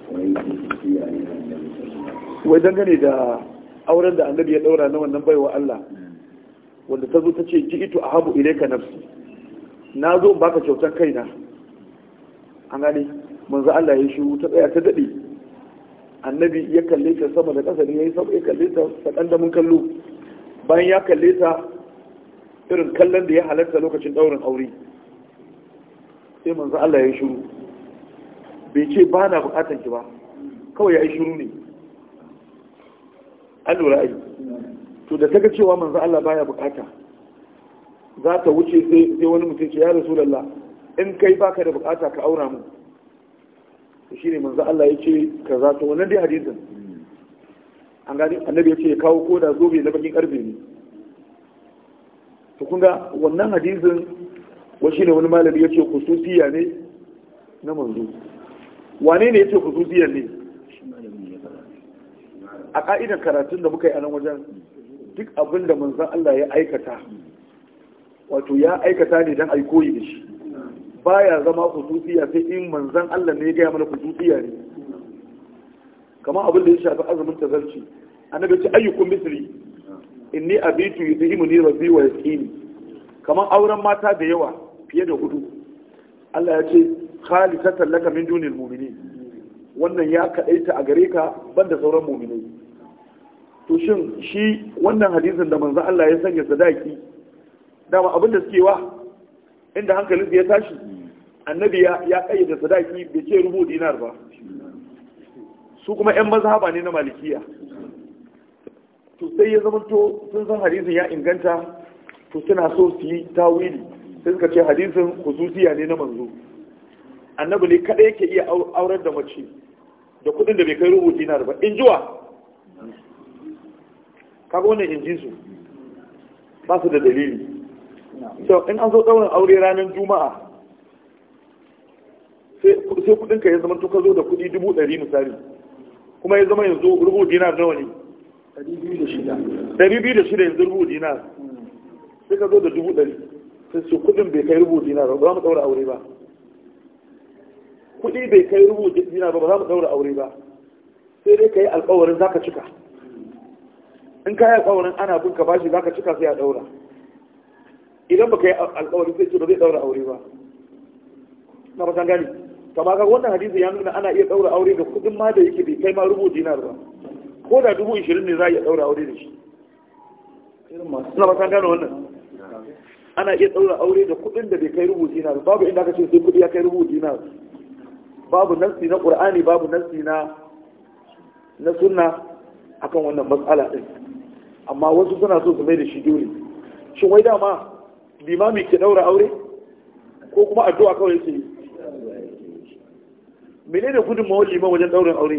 wai ke tafiya ne annabi sallallahu wai dangane da auren da annabi ya daura na wannan baiwa Allah wanda ta zo ta ce ji ito a habu ilaika nafsi na zo baka kyautar kaina an gane manzo Allah ya shi ta tsaya ta dade annabi ya kalle ta sama da ƙasa ne ya yi ya kalle ta sakandamin kallo bayan ya kalle ta irin kallon da ya halarta lokacin ɗaurin aure sai manzo Allah ya yi shiru bai ce ba na buƙatar ki ba kawai ya yi shiru ne an lura ai to da ta ga cewa manzo Allah baya buƙata za ta wuce sai wani mutum ce ya rasulullah in kai baka da buƙata ka aura mu shi ne manzo Allah ya ce za to wannan dai hadisin an gani annabi ya ce ya kawo koda zobe na bakin karfe ne to kun ga wannan hadisin wa shi ne wani malami ya ce khususiya ne na manzo wane ne ya ce khususiya ne a ka'idan karatun da muka yi a nan wajen duk abin da manzon Allah ya aikata wato ya aikata ne don a yi koyi da shi baya zama kususiya sai in manzan Allah ne ya gaya mana kususiya ne kamar abin da ya shafi azumin tazarci annabi ce ayyukum misri inni abitu ni rabbi wa yasqini kamar auren mata da yawa fiye da hudu Allah ya ce khalisatan laka min dunil mu'minin wannan ya kadaita a gare ka banda sauran mu'minai to shin shi wannan hadisin da manzan Allah ya sanya sadaki dama abin da suke wa inda hankalin ya tashi annabi ya da sadaki bai ce rubu dinar ba su kuma yan mazhaba ne na malikiya to sai ya zama to sun san hadisin ya inganta to suna so su yi tawili sai suka ce hadisin khususiya ne na manzo annabi ne kada yake iya aurar da mace da kudin da bai kai rubu dinar ba in jiwa kaga wannan in su ba su da dalili so in an zo ɗaurin aure ranar juma'a sai kudin ka ya zama to ka zo da kudi dubu dari misali kuma ya zama yanzu rubu dinar nawa ne dari biyu da shida yanzu rubu dinar sai ka zo da dubu dari sai su kudin bai kai rubu dinar ba za mu ɗaura aure ba kudi bai kai rubu dinar ba ba za mu ɗaura aure ba sai dai ka yi alkawarin za ka cika in ka yi alkawarin ana bin ka bashi za ka cika sai a ɗaura idan baka yi alkawari zai ce ba zai daura aure ba na ba san gani kama ga wannan hadisi ya nuna ana iya daura aure da kudin ma da yake bai kai ma rubu dinar ba ko da dubu ishirin ne za a iya daura aure da shi na ba san gano wannan ana iya daura aure da kudin da bai kai rubu dinar babu inda aka ce sai kudi ya kai rubu dinar babu nassi na qur'ani babu nassi na na sunna akan wannan matsala din amma wasu suna so su mai da shi dole shin wai dama limami ke daura aure ko kuma addu'a kawai yake mene gudun gudunmawar liman wajen daurin aure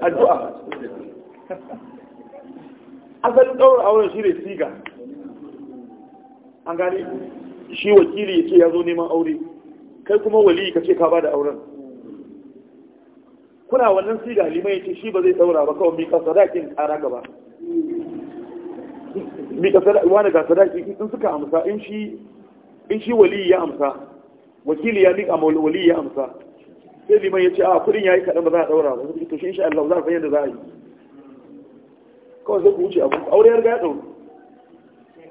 addu'a asalin daurin auren shi ne siga an gani shi wakili ya ce ya zo neman aure kai kuma wali ka ce ka ba da auren kuna wannan siga liman ya ce shi ba zai daura ba kawai mika sadakin kara gaba mi ka wani ga sadaki in suka amsa in shi in shi wali ya amsa wakili ya mika ma wali ya amsa sai liman ya ce a kudin yayi kaɗan ba za a ɗaura ba to shi insha Allah za a san yadda za a yi kawai sai ku wuce abu aure ya riga ya ɗauri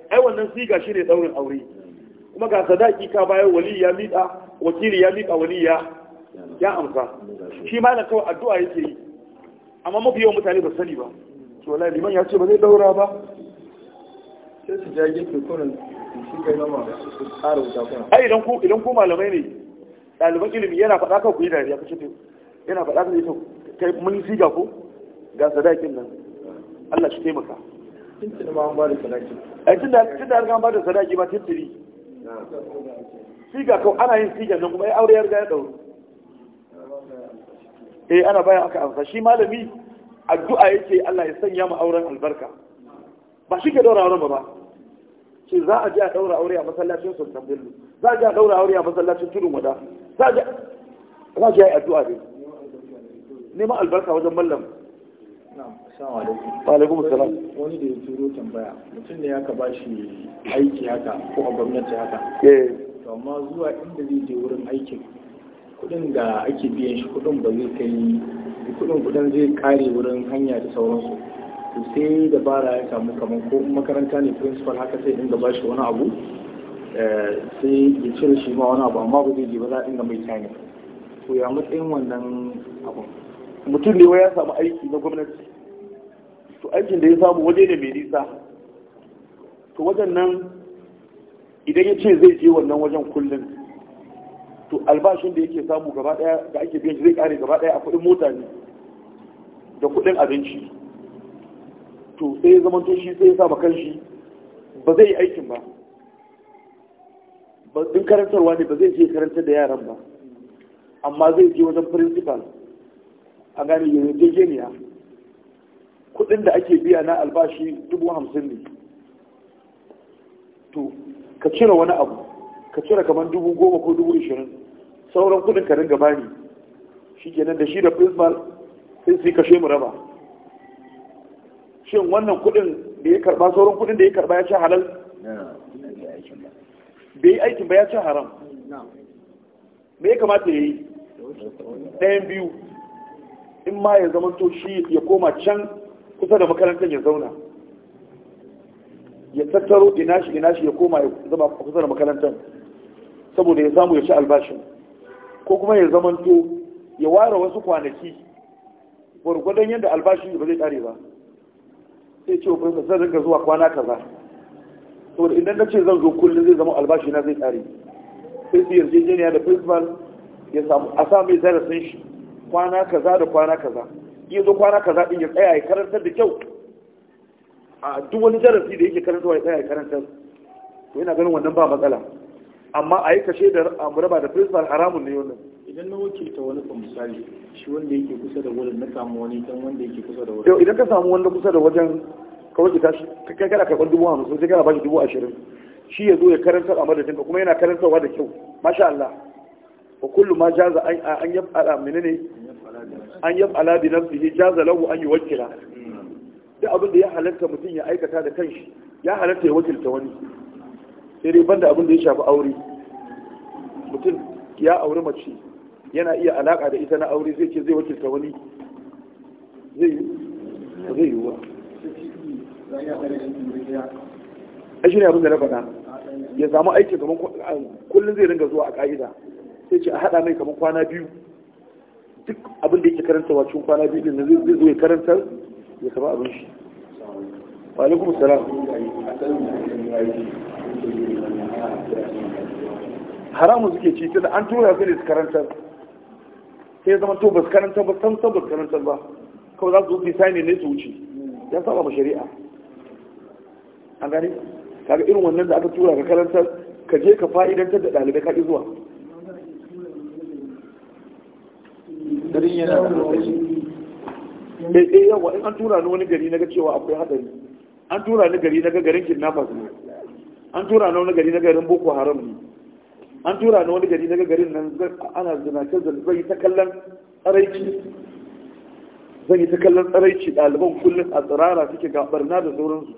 ai wannan siga shi ne ɗaurin aure kuma ga sadaki ka bayar wali ya mika wakili ya mika wali ya ya amsa shi ma na kawai addu'a yake yi amma mafi yawan mutane ba sani ba to wallahi liman ya ce ba zai ɗaura ba sai su ja gefe kunan shi kai nama su tsara wuta kuna ai idan ku idan ku malamai ne ɗaliban ilimi yana faɗa kan ku yi dariya kace to yana faɗa kan ita kai mun siga ko ga sadakin nan Allah shi taimaka tun ma ba da sadaki ai an ba da sadaki ba tintiri siga kau ana yin siga nan kuma ai aure ya riga ya dauro eh ana bayan aka amsa shi malami addu'a yake Allah ya sanya mu auren albarka ba shi ke daura auren ba ce za a je a daura aure a masallacin sultan bello za a je a daura aure a masallacin tudun wada za a je a yi addu'a ne neman albarka wajen mallam alaikum salam wani da ya turo tambaya mutum ne aka ba shi aiki haka ko a gwamnati haka eh. amma zuwa inda zai je wurin aikin kudin da ake biyan shi kudin ba zai kai kudin kudin zai kare wurin hanya da sauransu to sai dabara ya samu kamar ko makaranta ne principal haka sai inda ba shi wani abu eh, sai ya cire shi ma wani abu amma ba zai ba za a dinga mai tani to ya matsayin wannan abu mutum ne ya samu aiki na gwamnati to aikin da ya samu waje da mai nisa to wajen nan idan ya ce zai je wannan wajen kullum to albashin da yake samu gaba daya da ake biyan zai kare gaba daya a kudin mota ne da kudin abinci to sai zaman to shi sai ya kan kanshi ba zai yi aikin ba din karantarwa ne ba zai je karanta da yaran ba amma zai je wajen principal a gani yanzu jejeniya kudin da ake biya na albashi dubu hamsin ne to ka cire wani abu ka cire kamar dubu goma ko dubu ishirin sauran kudin ka ringa bani shi kenan da shi da principal sai su yi kashe mu raba shin wannan kudin da ya karba sauran kudin da ya karba ya ci halal bai aikin ba ya ci haram me ya kamata ya yi ɗayan biyu in ma ya zama to shi ya koma can kusa da makarantar ya zauna ya tattaro ina shi ina shi ya koma ya zama kusa da makarantar saboda ya samu ya ci albashin ko kuma ya zama to ya ware wasu kwanaki gwargwadon yadda albashin ba zai tare ba sai ce wa zan rinka zuwa kwana kaza saboda idan na ce zan zo kullum zai zama albashi na zai tsare sai su yarjejeniya da principal ya samu a sa mai darasin shi kwana kaza da kwana kaza iya zo kwana kaza din ya tsaya ya karantar da kyau a duk wani darasi da yake karantarwa ya tsaya ya karantar to yana ganin wannan ba matsala amma a yi kashe da raba da principal haramun ne wannan idan na wakilta wani ba misali shi wanda yake kusa da wurin na samu wani dan wanda yake kusa da wurin yau idan ka samu wanda kusa da wajen ka wakilta shi kai kana karɓar dubu hamsin sai kana shi dubu ashirin shi ya zo ya karanta a madadin ka kuma yana karantarwa da kyau masha Allah wa kullu ma jaza an yab ala menene an yab ala bi nafsihi jaza lahu an yuwakkila duk abin da ya halatta mutum ya aikata da kanshi ya halatta ya wakilta wani sai dai banda abin da ya shafi aure mutum ya auri mace yana iya alaka da ita na aure zai ce zai wakilta wani zai yi zai wa a shi ne abin da na faɗa ya samu aiki kamar kullum zai ringa zuwa a ƙa'ida sai ce a haɗa mai kamar kwana biyu duk abin da yake karanta wacin kwana biyu din zai zo ya karantar ya kama abin shi wa alaikum salam haramun suke ci da an tura su ne su karantar sai zama to su karanta ba san san su karanta ba kawai za su zuci sai ne su wuce ya saba ma shari'a an gani kaga irin wannan da aka tura ka karantar ka je ka fa'idantar da ɗalibai ka zuwa garin yana da eh, eh, yawa in an tura ni wani gari naga cewa akwai hadari an tura ni gari naga garin kidnappers ne an tura ni wani gari na garin boko haram ne an tura ni wani gari daga garin nan ana zinace zai yi ta kallon tsaraici zan yi ta kallon tsaraici ɗaliban kullum a tsirara suke ga barna da sauransu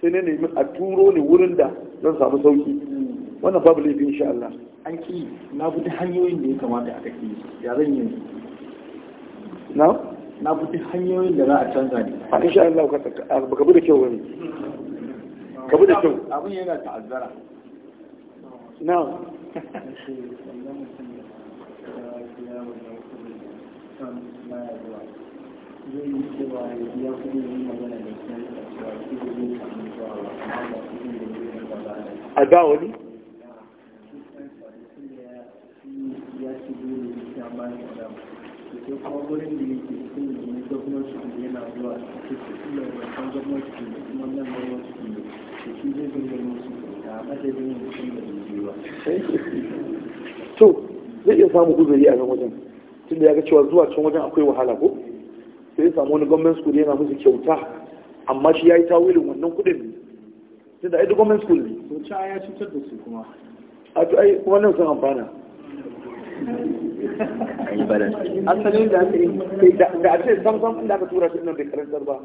sai ne nemi a turo ne wurin da zan samu sauki wannan babu laifi insha Allah an ki na bi hanyoyin da ya kamata aka ki ya zan yi na na bi hanyoyin da za a canza ne insha Allah ka baka bi da kyau wani ka bi da kyau abin yana ta'azzara na'am a wani Thank to zai iya samun uzuri a nan wajen tunda ya ga cewa zuwa can wajen akwai wahala ko sai ya samu wani gwamnan school yana musu kyauta amma shi ya yi tawilin wannan kuɗin ne tunda ai gwamnan school ne to ya cutar da su kuma a to ai wannan sun amfana asalin da eh, da a ce sam sam inda aka tura shi nan bai karantar ba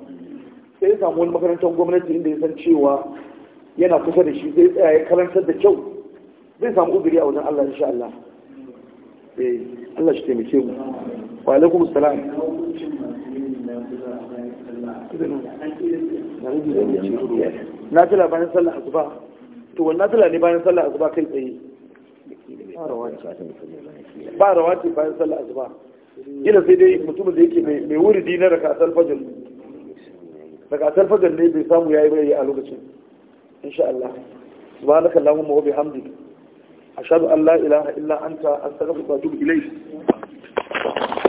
sai ya samu wani makarantar gwamnati inda ya san cewa yana kusa da shi zai tsaye ya karantar da kyau zai samu ubiri a wajen Allah insha Allah eh Allah shi taimake mu wa alaikum salam na tila bayan sallah azuba to wannan tila ne bayan sallah azuba kai tsaye ba rawati bayan sallah azuba ina sai dai mutumin da yake mai wuri dinar raka asal fajr raka asal fajr ne bai samu yayi bai a lokacin insha Allah subhanaka allahumma wa bihamdika ashhadu an la ilaha illa anta astaghfiruka wa atubu ilayk